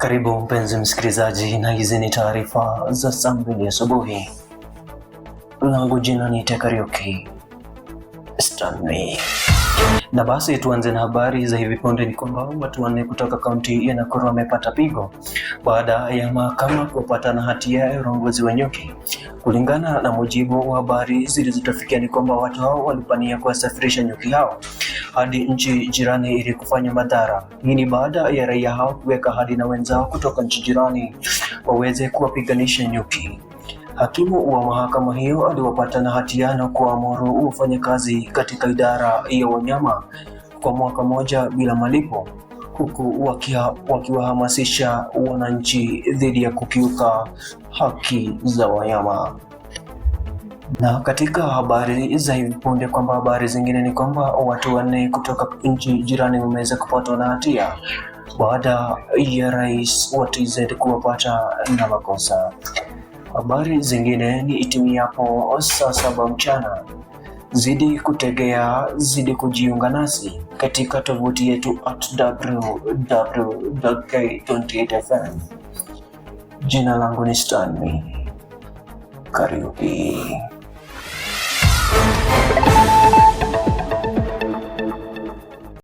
Karibu mpenzi msikilizaji, na hizi ni taarifa za saa mbili asubuhi. Langu jina ni tekarioki Stanley. Na basi tuanze na habari za hivi punde. Ni kwamba watu wanne kutoka kaunti ya Nakuru wamepata pigo baada ya mahakama kupata na hatia ya urongozi wa nyuki. Kulingana na mujibu wa habari zilizotafikia, ni kwamba watu hao walipania kuwasafirisha nyuki hao hadi nchi jirani ili kufanya madhara. Hii ni baada ya raia hao kuweka hadi na wenzao kutoka nchi jirani waweze kuwapiganisha nyuki. Hakimu wa mahakama hiyo aliwapata na hatia na kuamuru wafanyakazi katika idara ya wanyama kwa mwaka mmoja bila malipo huku wakiwahamasisha waki wananchi dhidi ya kukiuka haki za wanyama. Na katika habari za hivi punde kwamba habari zingine ni kwamba watu wanne kutoka nchi jirani wameweza kupatwa na hatia baada ya rais wa TZ kuwapata na makosa. Habari zingine ni itimiapo saa saba mchana. Zidi kutegea, zidi kujiunga nasi katika tovuti yetu at www.k28fm. Jina langu ni Stanley Kariuki.